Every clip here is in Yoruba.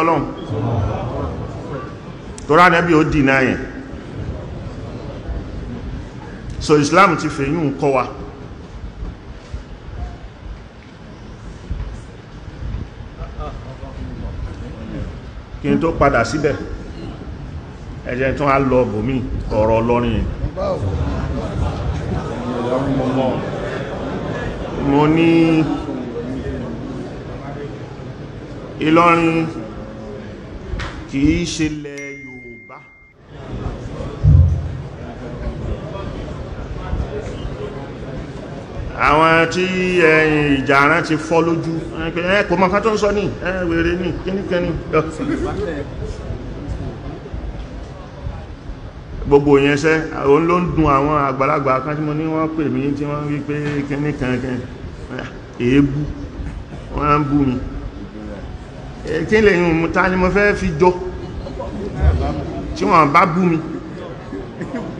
ọlọ́run torá nẹ́bí ó dìnà yẹn so Islam ti fèyún kọ́ wa kí n tó padà síbẹ̀ ẹ̀jẹ̀ tó á lọ bòmí ọ̀rọ̀ lọ́rin mo ní Ìlọrin kìí ṣe lẹ Yorùbá àwọn tí ẹ̀yìn ìjàrán ti fọ́ lójú ẹ kò mọ̀ ká tó ń sọ ní ẹ wèrè ní kíníkíní gbogbo yẹn sẹ́ òun ló ń dùn àwọn àgbàlagbà kan tí mo ní wọ́n pè mí tí wọ́n wí pé kíníkan kíní wọ́n ń bú mi Eh, kí lè yìn mú ta ni mo fẹ́ fi jọ tí wọ́n bá bú mi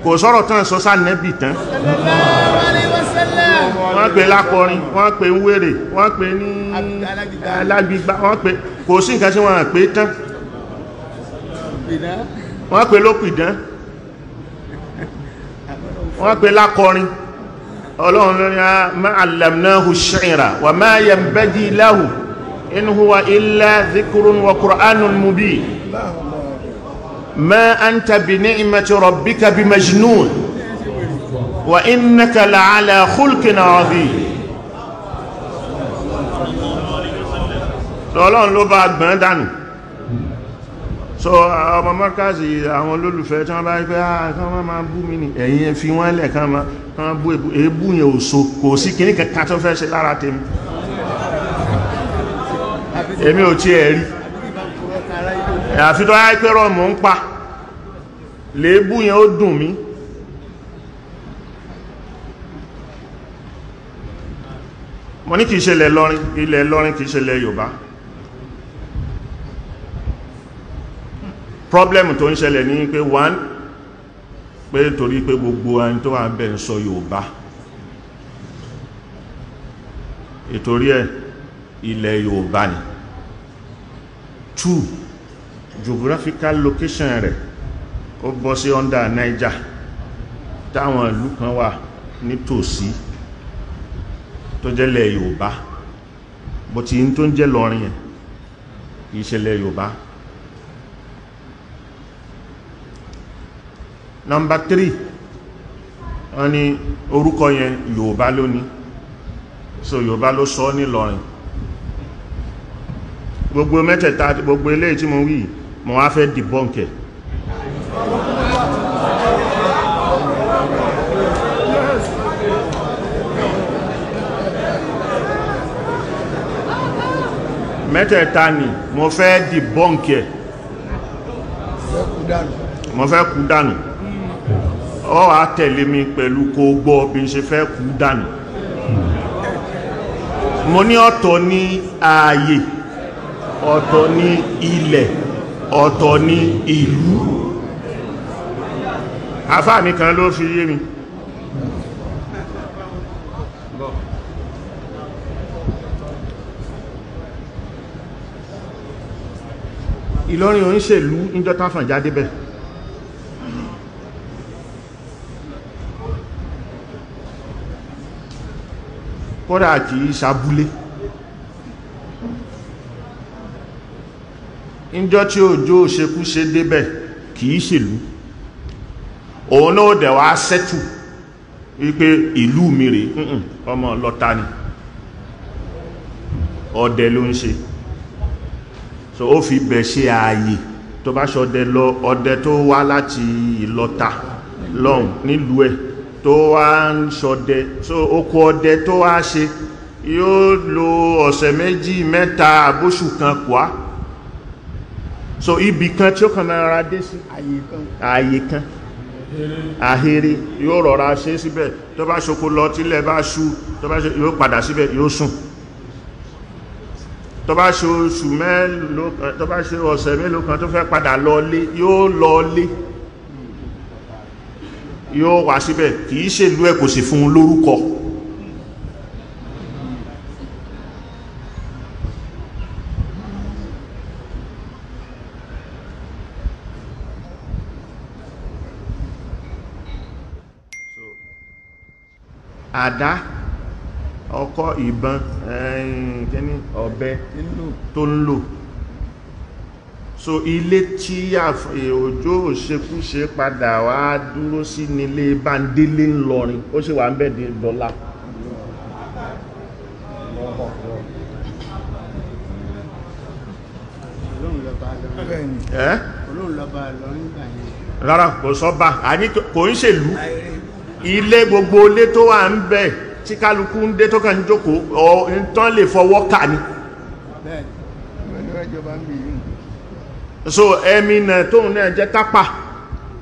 kò sọ̀rọ̀ tán sọ sánẹ́bì tán wọ́n pè lákọrin wọ́n pè ń wèrè wọ́n pè ní alágbígbá wọ́n pè kò sí nǹkan tí wọ́n pè tán wọ́n pè lópìdán wọ́n pè lákọrin ọlọ́run lórí alamnahu shi'ra wa ma yanbaghi lahu إن هو إلا ذكر وقرآن مبين ما أنت بنعمة ربك بمجنون وإنك لعلى خلق عظيم Ọlọ́run ló bá gbọ́n dànù so ọmọ mọ́kásí àwọn olólùfẹ́ tí wọ́n bá rí pé ààkán wọ́n máa bú mi ní ẹ̀yìn fi wọ́n lẹ̀ kan máa bú èébú yẹn ò so kò sí kìíní kankan tó fẹ́ ṣe lára tèmi èmi ò tí ẹ̀ rí àfi tó yá pé rọ̀mù ń pa léébù yẹn ó dùn mí mo ní kìí ṣe ilẹ̀ lọ́rin ilẹ̀ lọ́rin kìí ṣe Yorùbá problem tó ń ṣẹlẹ̀ ní pé one pé torí pé gbogbo ẹni tó wà bẹ̀ ń sọ Yorùbá ìtorí ẹ̀ ilẹ̀ Yorùbá ni two geographical location rẹ̀ ó bọ́ sí under Niger táwọn ìlú kan wà nítòsí tó jẹ́lẹ̀ Yorùbá bó ti ń tó ń jẹ́ lọ́rin yẹn ìṣẹ̀lẹ̀ Yorùbá nọmbà 3 wọ́n ní orúkọ yẹn Yorùbá lónìí so Yorùbá ló sọ ní lọ́rin gbogbo mẹ́tẹ̀ẹ̀ta gbogbo eléyìí tí mo wí mo wá fẹ́ dìbọ́ǹkẹ̀ mẹ́tẹ̀ẹ̀ta ni mo fẹ́ dìbọ́ǹkẹ̀ mo fẹ́ kú dànù ọ wà tẹ̀lé mi pẹ̀lú kó gbọ́ bí n ṣe fẹ́ kú dànù mo ní ọ̀tọ̀ ní ààyè ọ̀tọ̀ ni ilẹ̀ ọ̀tọ̀ ni ìlú àfáà mi kan ló fi yé mi ìlọrin òun ṣèlú níjọta fàn jáde bẹ̀ kódà kìí ṣàbúlé níjọ́ tí òjò òṣekúṣe débẹ̀ kìí ṣèlú òun náà dẹ̀ wá sẹ́tù wípé ìlú mi rèé ọmọ lọ́ta ni ọdẹ ló ń ṣe so ó fi bẹ̀ ṣe ààyè tó bá ṣọdẹ lọ ọdẹ tó wá láti ìlọta lọ́hùn nílùú ẹ̀ tó wá ń ṣọdẹ so oko ọdẹ tó wá ṣe yóò lo ọ̀sẹ̀ méjì mẹ́ta àbóṣù kan kùá so ibi kan tí ó kàn náà ra dé sí ààyè kan àhèrè yóò rọra ṣe síbẹ̀ tó bá ṣoko lọ tílẹ̀ bá ṣú tó bá ṣe yóò padà síbẹ̀ yóò sùn tó bá ṣe oṣù mélòó kan tó bá ṣe ọ̀sẹ̀ mélòó kan tó fẹ́ padà lọlé yóò lọlé yóò wà síbẹ̀ kìí ṣèlú ẹ̀ kò sì fún un lórúkọ àdá ọkọ́ ìbọn ẹ̀yìn ọ̀bẹ tó ń lò so ilé tí òjò òṣekú ṣe padà wá dúró sí nílé Bándélé ńlọrin ó ṣe wà ń bẹ̀ dọ́là rárá kò sọ́bà kò ń ṣèlú ilé gbogbo ilé tó wà ń bẹ̀ tí kálukú ń dé tó kàn jókòó ọ̀ ń tán lè fọwọ́ kà ní so ẹmi náà tóun náà jẹ́ tápà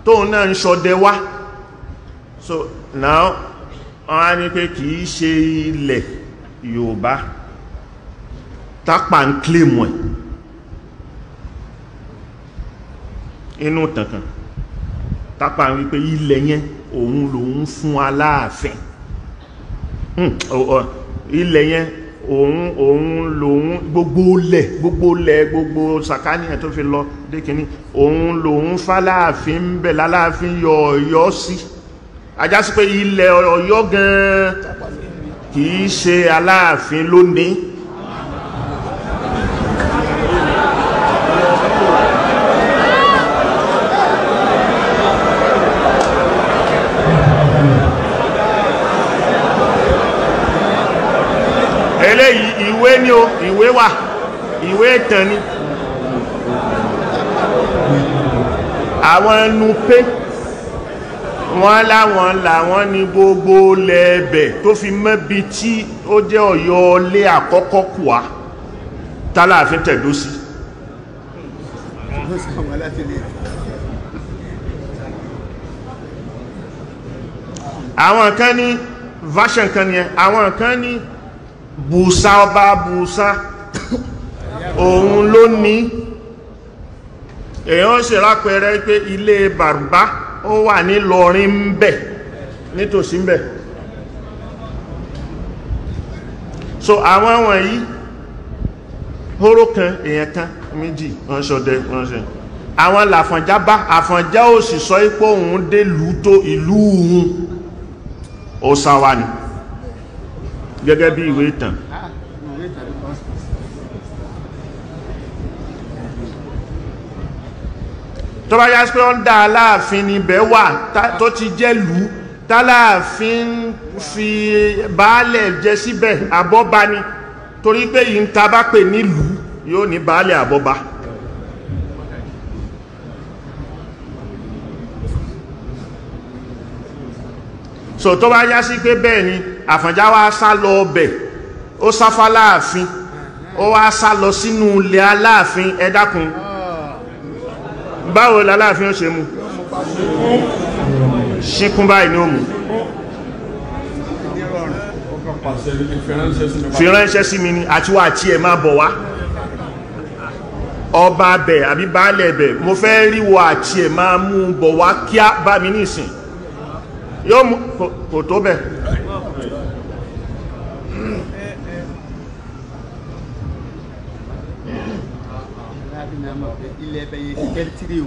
tóun náà ń ṣọdẹ wá so now wọ́n á ní pé kìí ṣe ilẹ̀ Yorùbá tápà ń claim ẹ̀ inú tànkàn tápà wípé ilẹ̀ yẹn òun lòun fún aláàfin hmm, ilẹ̀ yẹn òun òun lòun gbogbo lẹ̀ gbogbo lẹ̀ gbogbo sàkáníyàn tó fi lọ dékiní òun lòun fáláàfin ń bẹ̀ láláàfin yọ ọ̀yọ́ sí ajásí pé ilẹ̀ ọ̀yọ́ gan-an kìí ṣe aláàfin lónìí tán ni àwọn ẹnu pé wọ́n láwọn làwọn ní gbogbo lẹ́ẹ̀bẹ̀ tó fi mẹ́bi tí ó jẹ́ ọ̀yọ́ ilé àkọ́kọ́ kùá tálàfin tẹ̀dó sí àwọn kan ní version kan ní àwọn kan ní bùsá ọba bùsá òun ló ní èyàn ṣe lápẹẹrẹ pé ilé bàbá ó wà ní lọrin ń bẹ̀ nítòsí ń bẹ̀ so àwọn wọ̀nyí hóró kan èyàn kan méjì wọ́n ṣọdẹ wọ́n ṣe àwọn làfànjá bá àfànjá ò sì sọ ipò òun dé lútó ìlú òun ó sáwá ni gẹ́gẹ́ bí ìwé ìtàn tó bá yá sí pé wọ́n dá aláàfin níbẹ̀ wà tó ti jẹ́ lù táláàfin fi baálẹ̀ jẹ síbẹ̀ àbọ́ba ni torí pé yìí ń ta pè nílùú yóò ní baálẹ̀ àbọ́ba so tó bá yá sí pé bẹ́ẹ̀ ni àfànjá wá sá lọ ọbẹ̀ ó sáfá láàfin ó wá sá lọ sínú ilé aláàfin ẹ dákun báwo lálàáfin ó ṣe mú ṣíkún báyìí ní òmù fìránṣẹ́ sí mi ni àti wà tí ẹ máa bọ̀ wá ọba bẹ̀ àbí baálẹ̀ bẹ̀ mo fẹ́ ríwọ àti ẹ máa mú bọ̀ wá kí á bá mi ní ìsìn yóò mú kò tó bẹ̀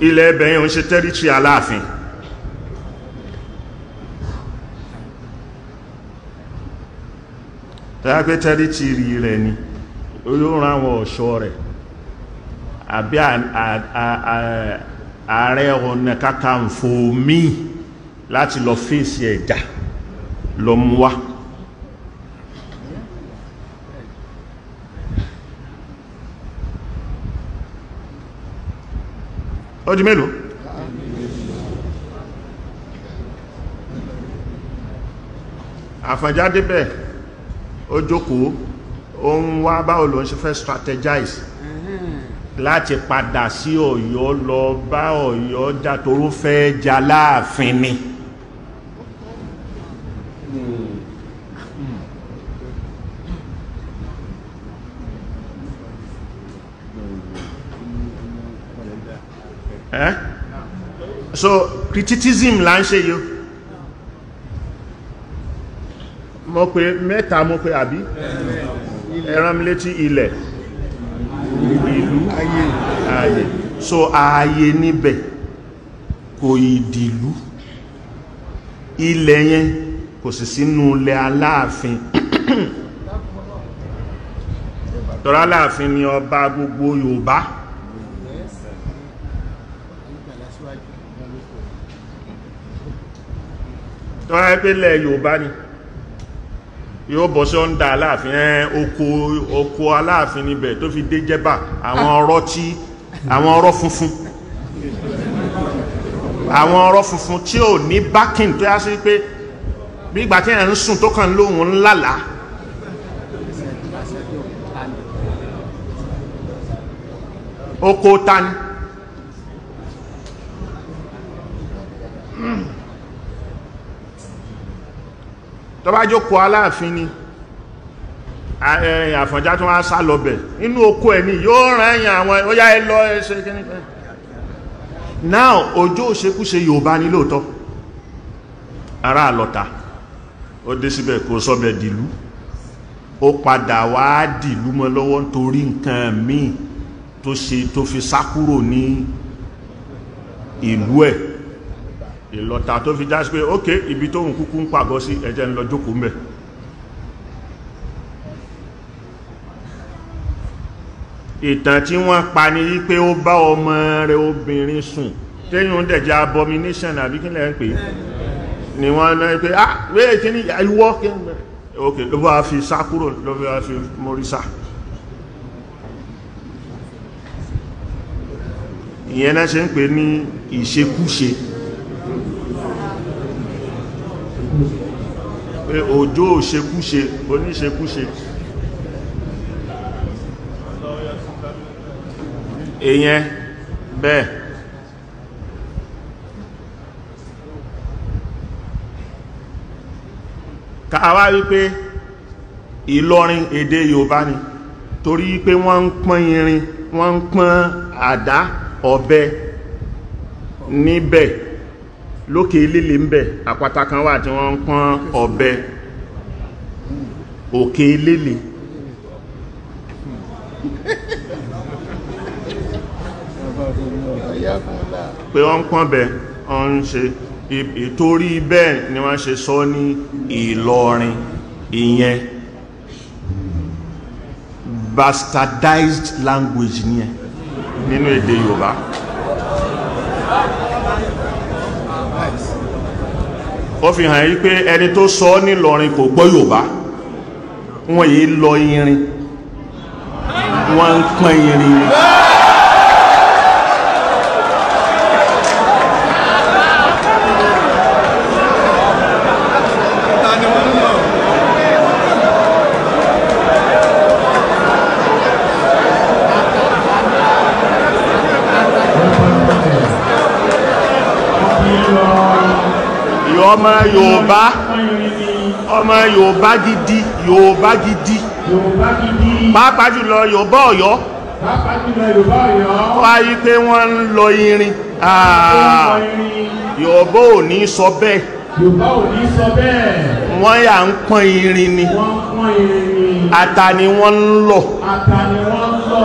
ilẹ̀ ẹbẹ̀ yẹn ń ṣe tẹ́rítírì aláàfin tẹ́lá pé tẹ́rítírì rẹ̀ ni olóòrùn àwọn ọ̀ṣọ́ rẹ̀ àbí ààrẹ ọ̀nà kàkàǹfò míì láti lọ fèsì ẹ̀dà lọ mú wá. ó di mélòó àfànjá débẹ̀ ó jókòó ó ń wá báwo ló ń ṣe fẹ́ strategize láti padà sí ọ̀yọ́ lọ bá ọ̀yọ́ já toró fẹ́ já láàfin ni. Mm -hmm. so criticism là ń ṣe yìí mo pe mẹ́ta mo pe àbí ẹran létí ilẹ̀ ìlú ààyè so aye níbẹ̀ kò ìdìlú ilẹ̀ yẹn kò sì sínú ilẹ̀ aláàfin tọ́rọ aláàfin ni ọba gbogbo Yorùbá wọ́n á pé lẹ́ Yorùbá ni yóò bọ́ sí ọ́ndà aláàfin ẹ́ oko oko aláàfin níbẹ̀ tó fi dé jẹ́bà àwọn ọ̀rọ̀ tí àwọn ọ̀rọ̀ funfun àwọn ọ̀rọ̀ funfun tí ò ní bákìn tó yá sí pé bí tí ẹ̀ ń sùn tó kàn lóhun ńlàlá oko tani tó bá jókòó aláàfin ni àfọ̀njá tó wá sá lọ bẹ̀ inú oko ẹ̀ ni yóò rán ẹ̀yìn àwọn ó yá ẹ lọ ẹsẹ̀ kí nípa now ọjọ́ òṣekúṣe Yorùbá ní lóòtọ́ ara àlọ́ta ó dé síbẹ̀ kó sọ́bẹ̀ dìlú ó padà wá dìlú mọ́ lọ́wọ́ nítorí nǹkan míì tó ṣe tó fi sá ní ìlú ẹ̀ ìlọta tó fi jásí pé ókè ibi tó ń kúkú ń pàgọ́ sí ẹjẹ́ ń lọ jókòó mẹ́ ìtàn tí wọ́n pa ní wípé ó bá ọmọ rẹ̀ obìnrin sùn téyùn dẹ̀jẹ́ abomination àbí kí lẹ́ ń pè ni wọ́n náà pé ah wéè kí ní ìwọ́ kí ń bẹ̀ ok ló bá fi sá kúrò ló bá fi mórí sá ìyẹn náà ṣe ń pè ní ìṣekúṣe pé òjò òṣekúṣe oníṣekúṣe èyẹn bẹ́ẹ̀ káwá wípé ìlọrin èdè yorùbá ni torí pé wọ́n ń pọ́n irin wọ́n ń pọ́n àdá ọ̀bẹ níbẹ̀ lókè líle ń bẹ àpáta kan wà tí wọ́n ń pọ́n ọ̀bẹ òkè líle pé wọ́n ń pọ́n bẹ wọ́n ń ṣe ìtorí bẹ́ẹ̀ ni wọ́n ṣe sọ ní Ìlọrin ìyẹn bastardized language ní ẹ nínú èdè Yorùbá. ó fi hàn yí pé ẹni tó sọ ọ́ nílọrin kò gbọ́ Yorùbá wọ́n yìí lọ irin wọ́n ń pọ́n irin. Yeah! ọmọ Yorùbá ọmọ Yorùbá gidi Yorùbá gidi pàápàá jùlọ Yorùbá Ọ̀yọ́ wá yí pé wọ́n ń lọ ah, irin Yorùbá ò ní sọ bẹ́ẹ̀ Yorùbá ò ní sọ bẹ́ẹ̀ wọ́n yà ń pọ́n irin ni ata ni wọ́n ń lọ ata ni wọ́n ń lọ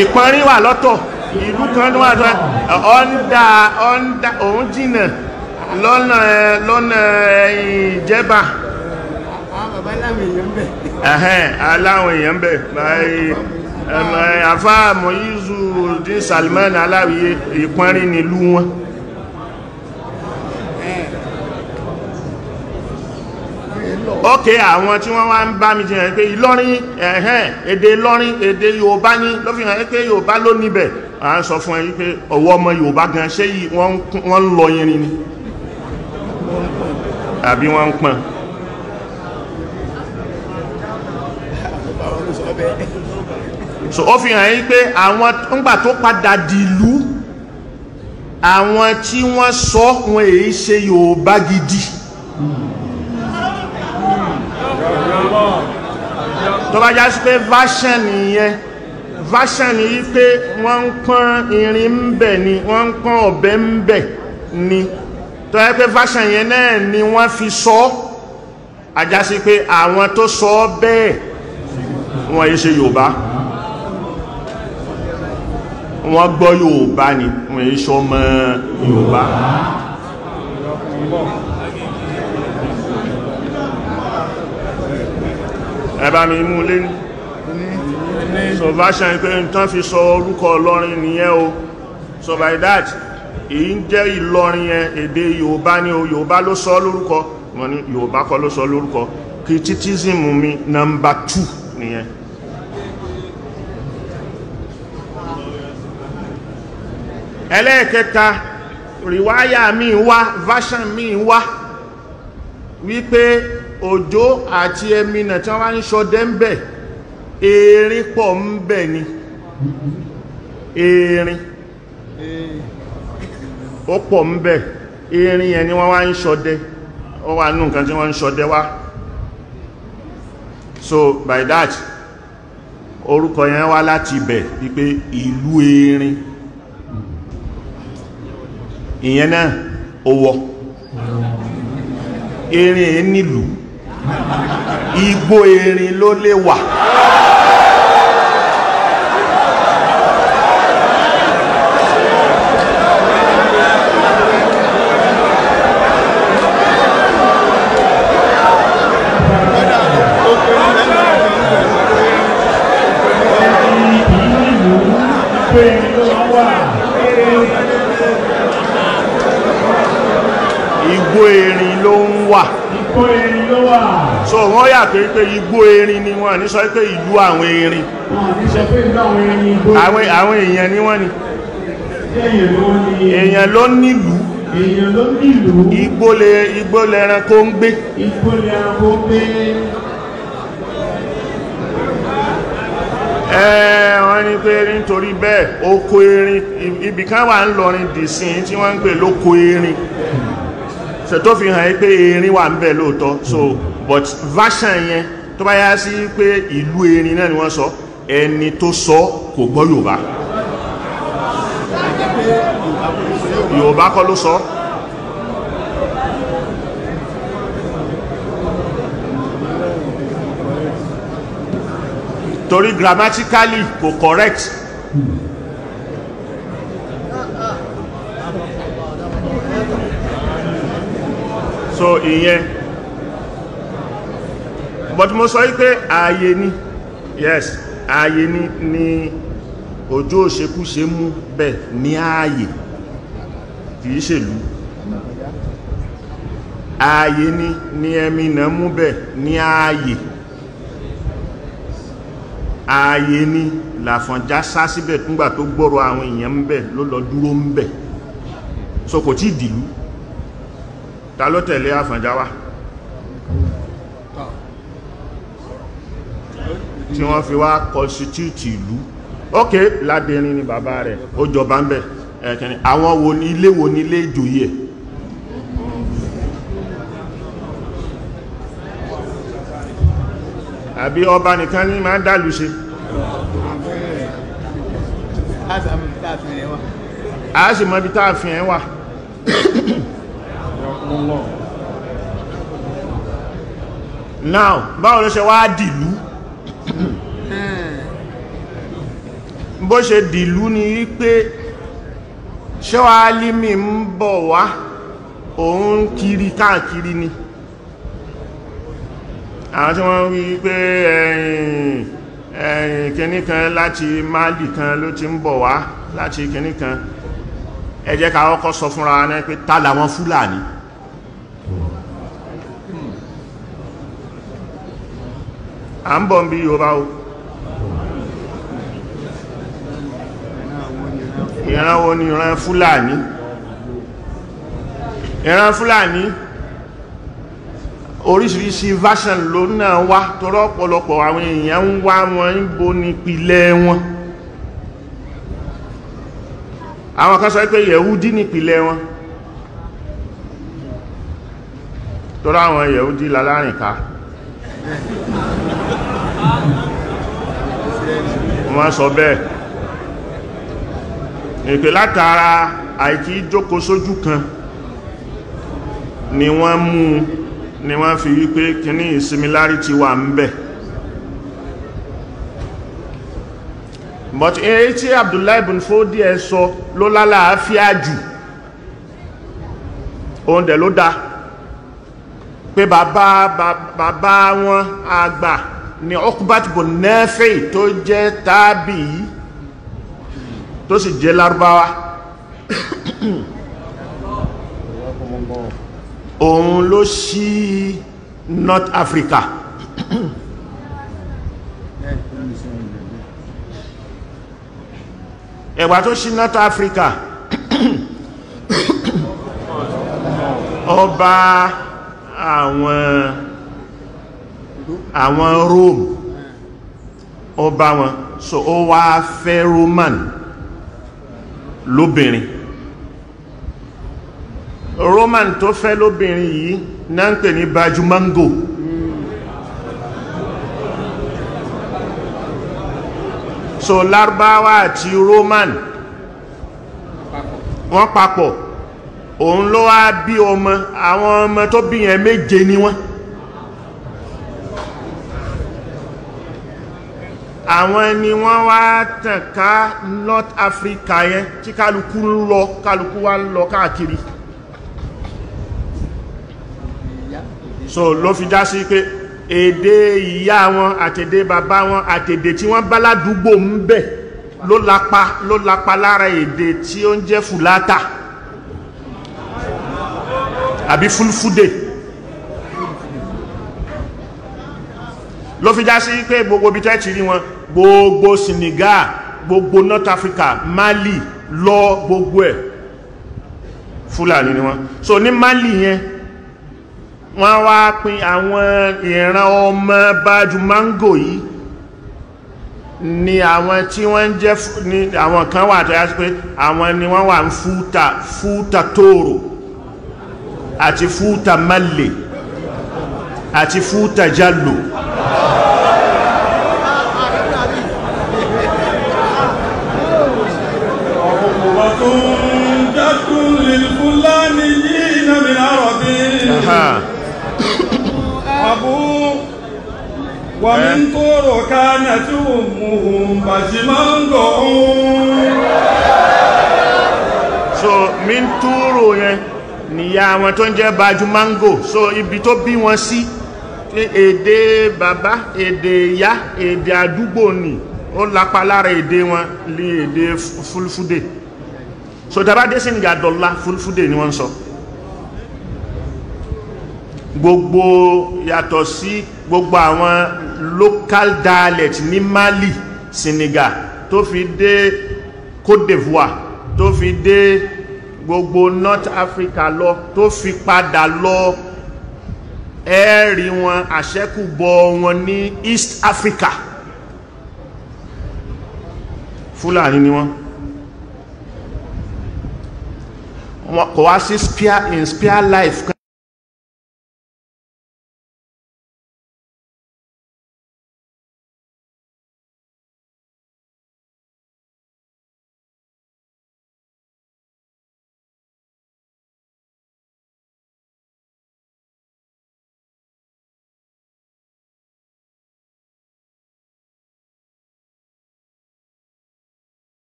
ìpọ́nrín wà lọ́tọ̀ ìlú kan ló wà lọ́tọ̀ ọ̀ndà ọ̀ndà òun jìnà lọ́nà lọ́nà ìjẹba aláwọn èèyàn bẹ̀ àfáà mọ̀ yízu dín Salman aláwìyé ìpọ́nrín nílùú wọn ókè àwọn tí wọ́n wá ń bá mi jiyàn pé ìlọrin ẹ̀hẹ́n èdè ìlọrin èdè yorùbá ní ló fi hàn pé yorùbá ló níbẹ̀ à ń sọ fún ẹ pé ọ̀wọ́ ọmọ yorùbá gan ṣé yìí wọ́n ń lọ yẹrin ni àbí wọ́n ń pọ̀n so ó fi hàn yí pé àwọn ńgbà tó padà dìlú àwọn tí wọ́n sọ wọn èyí ṣe Yorùbá gidi. Mm -hmm. tó bá já sí pé version nìyẹn version ni wípé wọ́n ń pọ́n irin ń bẹ̀ ni wọ́n ń pọ́n ọ̀bẹ ń bẹ̀ ni tó yẹ pé version yẹn náà ni wọ́n fi sọ àjásí pé àwọn tó sọ bẹ́ẹ̀ wọ́n yí ṣe Yorùbá wọ́n gbọ́ Yorùbá ni wọ́n yí ṣọmọ Yorùbá. Yorùbá. ẹ̀bá mi mú lé ní so version pé n fi sọ orúkọ Ìlọrin nìyẹn o so by that èyí ń jẹ́ Ìlọrin yẹn èdè Yorùbá ni o Yorùbá ló sọ lórúkọ mo ní Yorùbá kọ́ ló sọ lórúkọ criticism mi number two nìyẹn ẹlẹ́ẹ̀kẹta rìwáyà mi wá version mi wá wípé òjò àti ẹmìnà tí wọ́n wá ń ṣọdẹ ń bẹ̀ erin pọ̀ ń bẹ̀ ni erin ó pọ̀ ń bẹ̀ erin yẹn ni wọ́n wá ń ṣọdẹ ó wà nù nǹkan tí wọ́n ń ṣọdẹ wá so by that orúkọ yẹn wá láti ibẹ̀ wípé ìlú erin ìyẹn náà ó wọ erin yẹn nílùú igbó erin ló lè wà. igbó erin ló ń wà. igbó erin so wọ́n yà pé pé igbó erin ni wọ́n ní sọ pé ìlú àwọn erin àwọn èèyàn ni wọ́n ni èèyàn ló nílùú èèyàn ló nílùú igbó lẹranko ń gbé igbó lẹranko ń gbé wọ́n ní pé nítorí bẹ́ẹ̀ oko erin ibì kan wà ń lọrin dìsìn tí wọ́n ń pè lóko erin ṣe tó fi hàn pé erin wà ń bẹ lóòótọ́ so but version yẹn tó bá yá sí pé ìlú erin náà ni wọ́n sọ ẹni tó sọ kò gbọ́ yorùbá yorùbá kọ́ ló sọ torí grammatically kò correct so ìyẹn but mo sọ wípé ààyè ni yes ààyè ni ni ojú òṣekúṣe mú bẹ̀ ní ààyè kìí ṣèlú ààyè ni ni ẹmi náà mú bẹ̀ ní ààyè ààyè ni làfànjá sá síbẹ̀ nígbà tó gbọ́rọ̀ àwọn èèyàn ń bẹ̀ ló lọ dúró ń bẹ̀ so kò tí ìdìlú ta ló tẹ̀lé àfànjá wá tí wọ́n fi wá constitute ìlú ok ládẹrin ni bàbá rẹ̀ ó jọba ń bẹ̀ ẹ̀kẹ́ni àwọn wo ní ilé wo ní ilé ìjòyè ẹ̀ àbí ọba nìkan ní máa ń dàlú ṣe a sì mọ́ bí táàfin ẹ̀ wà now báwo ló ṣe wá dìlú bó ṣe dìlú ni wípé ṣẹ́wà alimi ń bọ̀ wá òun kiri káàkiri ni àwọn tí wọ́n wí pé ẹ̀yìn ẹ̀yìn kìníkan láti Mali kan ló ti ń bọ̀ wá láti kìníkan ẹ ká kọ́kọ́ sọ fúnra wọn pé ta làwọn Fúlàní à ń bọ̀ bí Yorùbá o. ìran wo ni ìran fúlàní ìran fúlàní oríṣiríṣi version ló náà wá tọrọ ọ̀pọ̀lọpọ̀ àwọn èèyàn ń wá wọn ń bo ní ìpìlẹ̀ wọn àwọn kan sọ pé yẹ̀húdí ní ìpìlẹ̀ wọn tọrọ àwọn yẹ̀húdí lálárìnká wọ́n sọ bẹ́ẹ̀ ìpè látara àìkí jókòó sójú kan ni wọ́n mú ni wọ́n fi wípé kíní similarity wà ń bẹ but èyí tí Abdullahi ibn Fodi ẹ sọ ló lálàáfíà jù òun dẹ̀ ló dá pé bàbá bàbá wọn àgbà ni Uqbat ibn Nafi tó jẹ́ tábì tó sì jẹ́ lárúbáwá òun ló ṣí North Africa ẹ̀wà tó ṣí North Africa ọba àwọn àwọn Rome ọba wọn so ó wá fẹ́ Roman lóbìnrin roman tó fẹ́ lóbìnrin yìí náà ń pè ní bájú mango so lárúbáwá àti roman wọ́n papọ̀ òun ló wá bí ọmọ àwọn ọmọ tó bí yẹn méje ni wọ́n. àwọn ni wọ́n wá tàn ká north africa yẹn tí kálukú ń lọ kálukú wá ń lọ káàkiri so ló fi já sí pé èdè ìyá wọn àtèdè bàbá wọn àtèdè tí wọ́n bá ládùúgbò ń bẹ̀ ló lapa ló lapa lára èdè tí ó ń jẹ́ fùlátà àbí fúlfúdè ló fi já sí pé gbogbo ibi tẹ́ ti rí wọn gbogbo Senegal gbogbo North Africa Mali lọ gbogbo ẹ̀ Fúlàní ni wọn so ní Mali yẹn wọ́n wá pín àwọn ìran ọmọ bájú mango yìí ni àwọn tí wọ́n ń jẹ́ ní àwọn kan wà tó yá sí pé àwọn ni wọ́n wà ń fúta fúta tóòrò àti fúta malè àti fúta jálò ومن طور كانت أمهم بشمانغون so min túrò yẹn nìyá wọn tó ń jẹ́ so ibi tó bí wọn sí. Si èdè bàbá èdè ìyá èdè àdúgbò ni ó lapa lára èdè wọn ní èdè fúlfúdè so tàbá dé sí ní àdọ́lá fúlfúdè ni wọ́n sọ gbogbo yàtọ̀ sí gbogbo àwọn local dialect ní Mali Senegal tó fi dé Côte d'Ivoire tó fi dé gbogbo North Africa lọ tó fi padà lọ ẹ rí wọn àṣẹ́kùbọ wọn ní East Africa Fúlàní ni wọ́n kò wá sí spear in spear life